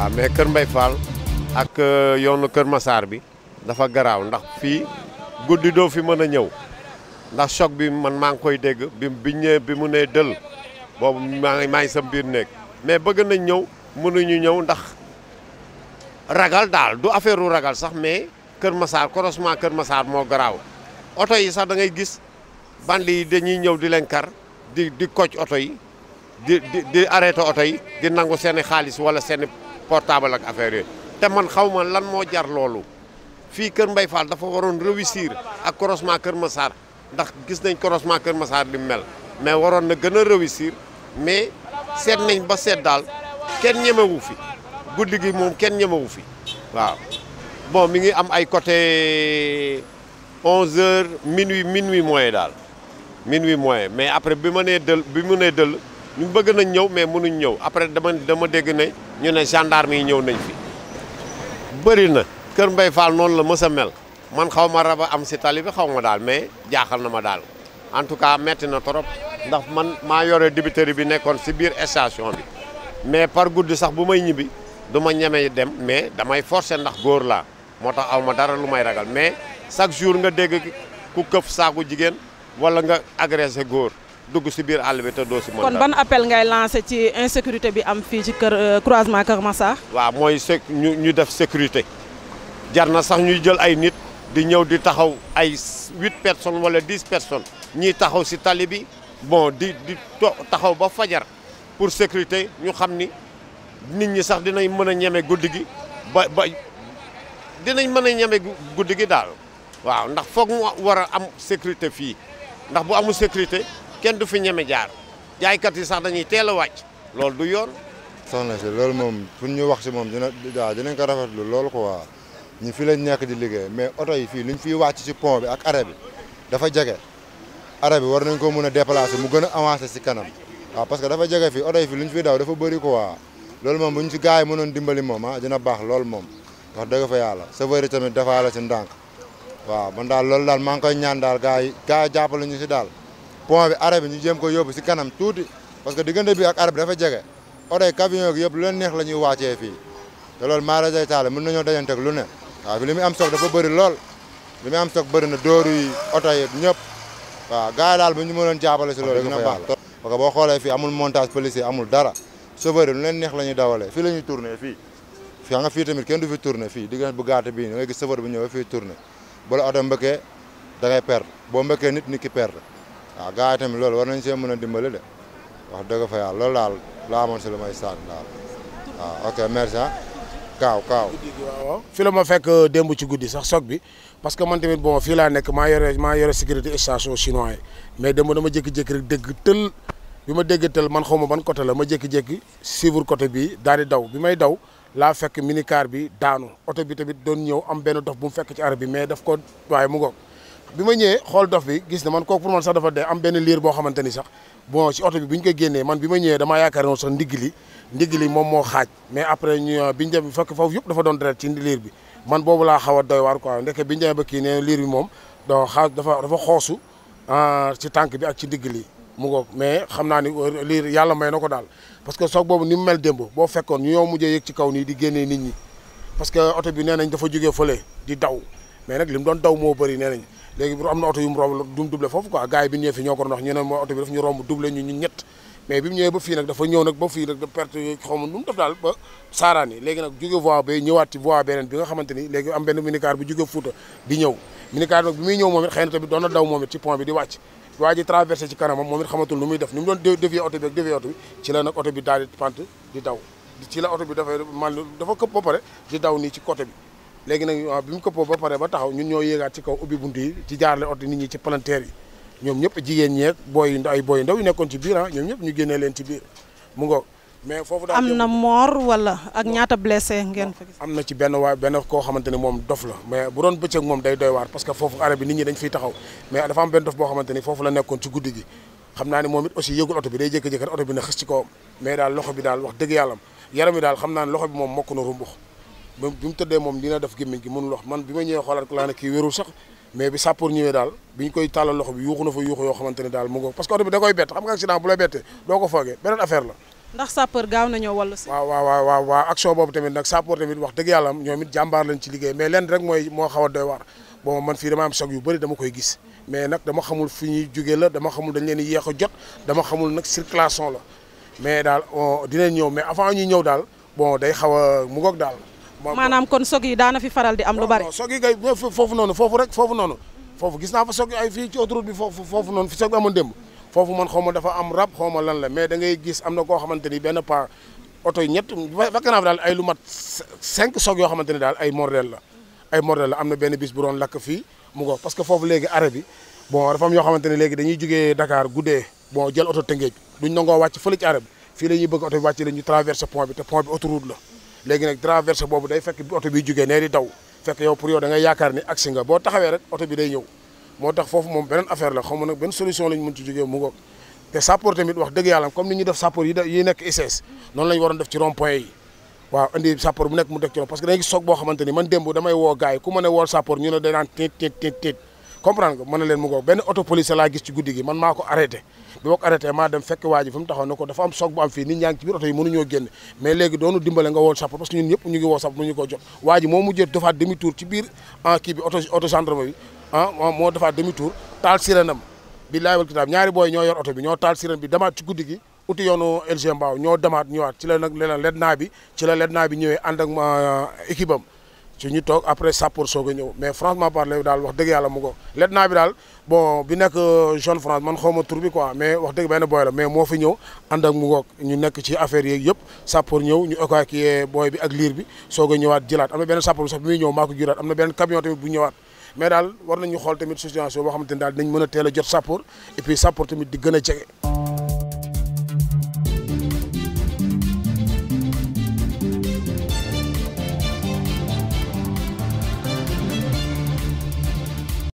waaw mais Kër Mbay Fall ak euh, yoonu Kër Masaar bi dafa garaaw ndax fii guddi doo fi mën a ñëw ndax choc bi man maa ngi koy dégg bi bi ñëwee bi mu nee dël boobu maa ngi maa ngi sa biir néeg mais bëgg nañ ñëw mënuñu ñëw ndax ragal daal du affaire ragal sax mais Kër Masaar croisement Kër Masaar moo garaaw oto yi sax da ngay gis bandi yi dañuy ñëw di leen kar di di koc oto yi di di di arrêté oto yi di nangu seeni xaalis wala seeni portable ak affaire yooyu te man xaw lan moo jar loolu fii Kër mbay Fall dafa waroon réussir ak croisement Kër Massar ndax gis nañ croisement Kër Massar li mel mais waroon na gën a réussir mais seet nañ ba seet daal kenn ñemewu fi guddi gi moom kenn ñemewu fi waaw bon mi ngi am ay côté 11h minuit minuit moyen daal minuit moyen mais après bi ma nee dël bi mu nee dël ñu bëgg nañ ñëw mais mënuñ ñëw après dama dama dégg ne ñu ne gendarme yi ñëw nañ fi bëri na Kër Mbay Fall noonu la mës a mel man xaw ma a am si tali bi xaw ma daal mais jaaxal na ma daal en tout cas metti na trop ndax man maa yore débiteri bi nekkoon si biir station bi mais par guddi sax bu may ñibbi du ma ñeme dem mais damay forcer ndax góor laa moo tax aw ma dara lu may ragal mais chaque jour nga dégg ku këf saaku jigéen wala nga agressé góor dugg ci biir àll bi te doo si mën kon ban appel ngay lancé ci insécurité bi am fii ci kër euh, croisement Kër massa waaw mooy sec ñu ñu def sécurité jar na sax ñuy jël ay nit di ñëw di taxaw ay 8 personnes wala 10 personnes ñiy taxaw si tali bi bon di di taxaw ba fajar pour sécurité ñu xam ni nit ñi sax dinañ mën a ñeme guddi gi ba ba dinañ mën a ñeme guddi gi daal waaw ndax foog mu war a am sécurité fii ndax bu amul sécurité. kenn du fi ñeme jaar jaaykat yi sax dañuy teel a wàcc loolu du yoon. soxna si loolu moom pour ñu wax si moom dina waaw dinañ ko lool ko waa ñu fi lañ nekk di liggéey mais oto yi fii luñ fiy wàcc si pont bi ak arrêt bi dafa jege arrêt bi war nañ ko mun a déplacer mu gën a avancer si kanam waaw parce que dafa jege fii oto yi fii luñ fiy daw dafa bëri quoi lool moom bu ñu si gars yi mënoon dimbali moom ah dina baax loolu moom wax dëgg fa yàlla chauffeur yi tamit dafa la si ndànk waaw man daal loolu daal maa ngi koy ñaan daal gars yi gars yi jàppale ñu si daal pont bi arab ñu jëm ko yóbbu ci kanam tuuti parce que digënde bi ak arab dafa jégué oto camion gi yëpp lu leen neex lañuy waccé fi té lool ma maara day taale mën dajanté ak lu ne wa bi limi am soog dafa bëri lool limi am soog bëri na dóoru yi auto yi ñëpp wa gaay dal bu ñu mënon jaabalé ci lool dina baax parce que bo xolé fi amul montage policier amul dara chauffeur lu leen neex lañuy dawalé fi lañuy tourner fi fi nga fi tamit kën du fi tourner fi digënde bu gàtt bi nga gis chauffeur bu ñëw fi tourner bo la auto mbëkkee da ngay perdre bo mbëkkee nit nit ki perdre waaw gars yi tamit loolu war nañ see mën a dimbale de wax dëgg fa yàlla loolu daal laa amoon si lu may sànni daal waaw ok merci ah. kaaw kaaw. waaw la ma fekk euh, démb ci guddi sax soog bi parce que man tamit bon fii laa nekk maa yore maa yore sécurité station chinois yi mais démb dama jékki-jékki rek dégg tël bi ma dégg tël man xaw ma ban côté la ma jékki-jékki suivre côté bi daal di daw bi may daw. laa fekk minicar bi daanu oto bi tamit doon ñëw am benn dof bu mu fekk ci arab bi mais daf ko waaye mu bi ma ñëwee xool dof bi gis na man kooku pour man sax dafa dee am benn liir boo xamante ni sax bon si oto bi ñu ko génnee man bi ma ñëwee damaa yaakaar noonu sax ndigg li ndigg li moom moo xaaj mais après ñu euh, bi ñu dem fekk foofu yëpp dafa doon deret ci liir bi man boobu laa xaw a doy waar quoi ndeke bi ba kii ne liir bi moom do xaa dafa dafa xoosu euh, ci tànk bi ak ci ndigg li mu mais xam naa ni euh, liir yàlla may na ko daal parce que soog boobu ni mu mel démb boo fekkoon ñu ñoo mujjee yëg ci kaw nii di génnee nit ñi parce que oto bi nee nañ dafa jógee fële di daw mais nag li mu doon daw moo bëri nee nañ léegi bu am na oto yu mu romb du mu doublé foofu quoi gars yi bi ñëwee fi ñoo ko wax ñu ne mooy oto bi daf ñu romb doublé ñu ñu ñett ni léegi am benn bu muy ñëw moom it xëy na tamit doon na daw moom it bi di wàcc waa ji traversé ci muy def ni mu doon dévier oto bi ak dévier oto bi ci la nag oto bi daal daw ci la oto dafa këpp ba pare di daw nii ci côté bi léegi nag waaw bi mu këppoo ba pare ba taxaw ñun ñoo yéegaat ci kaw ubbi bunt yi ci jaarale oto booy yu ay ci biir ah ñëpp ñu génnee leen ci biir mu ngoog mais foofu daal am na mort wala waa benn koo xamante ne moom dof la mais bu doon bëccëg moom day doy waar parce que foofu bi la nekkoon ci guddi gi xam naa ne oto bi day jékki-jékki oto bi na xës ci kawam mais daal loxo bi daal wax dëgg yàllam yaram yi daal xam naa loxo bi moom mokk na rumbux ba bi mu tëddee moom dina def gémmiñ gi mënul wax man bi ma ñëwee xoolaat ko laa ne kii wérul sax mais bi sàppoor ñëwee daal bi ñu koy tàllal loxo bi yuuxu na fa yuuxu yoo xamante ne daal mu ngo parce que oto bi da koy bett xam nga accident bu la bettee doo ko foogee beneen affaire la ndax sapeur gaaw nañoo wàllu si. waaw waaw moo xaw a doy waar bon man fii dama am yu bëri dama koy gis mais nag dama xamul fi ñuy jóge la dama xamul dañ leen di yéex jot dama xamul nag circulation la mais daal dinañ ñëw mais avant ñuy ñëw daal bon day xaw a mu ngoog daal maanaam kon sog yi daana fi faral di am lu bari sog yi kay foofu noonu foofu rek foofu noonu foofu gis naa fa sog ay fii ci autoroute bi foofu foofu noonu foofu man xaw dafa am rab xaw lan la mais da ngay gis am na koo xamante ni benn pa oto yi ñett fekk ay lu mat cinq sog yoo xamante ni daal ay mordel la ay mordel la am na benn bis bu doon lakk fii mu ngo parce que foofu léegi arrêt bi bon dafa am yoo xamante léegi dañuy jógee Dakar guddee bon jël oto Tëngéej duñ nangoo wàcc fële ci arrêt fii la ñuy bëgg oto bi wàcc la ñu traversé pont bi te pont bi autoroute la léegi nag traversé boobu day fekk oto bi jógee nee di daw fekk yow pour yow da ngay yaakaar ni agsi nga boo taxawee rek oto bi day ñëw moo tax foofu moom beneen affaire la xam nag benn solution lañ mën ci mu ngoog te sappoor tamit wax dëgg yàlla comme ni ñu def sappoor yi nekk ICS noonu lañu waroon def ci rond point yi waaw indi sappoor bu nekk mu def ci rond parce que da soog boo xamante ni man démb damay woo gars ku ma ne woo sappoor comprendre nga mën na leen mu ngoog benn auto police laa gis ci guddi gi man maa ko arrêté bi ma ko arrêté maa dem fekk waa ji fi mu taxaw ne ko dafa am soog bu am fii nit ñaa ci biir oto yi mënuñoo génn mais léegi doonu dimbale nga woo sappo parce que ñun ñëpp ñu ngi woo sappo mënuñu ko jot waa moo mujjee defaat demi tour ah, ah, taal sirenam billahi wal kitab ñaari booy ñoo yor oto bi ñoo taal sirène bi demaat ci guddi gi uti yoonu LG Mbao ñoo demaat nag leneen led naa bi ci la led naa bi ñëwee ànd ak ah, ci ñu toog après sappoor soog ñëw mais franchement parler daal wax dëgg yàlla mu ko let naa bi daal bon bi nekk euh, jeune France man xaw tur bi quoi mais wax dëgg benn booy la mais moo fi ñëw ànd ak mu ngoog ñu nekk ci affaire yeeg yëpp sappoor ñëw ñu évacuer booy bi ak liir bi soog a ñëwaat jëlaat am na benn sappoor bi sax bi muy ñëw maa ko am na benn camion tamit bu ñëwaat mais daal war nañu xool tamit situation boo xamante daal dinañ mën a teel a jot sappoor et puis sappoor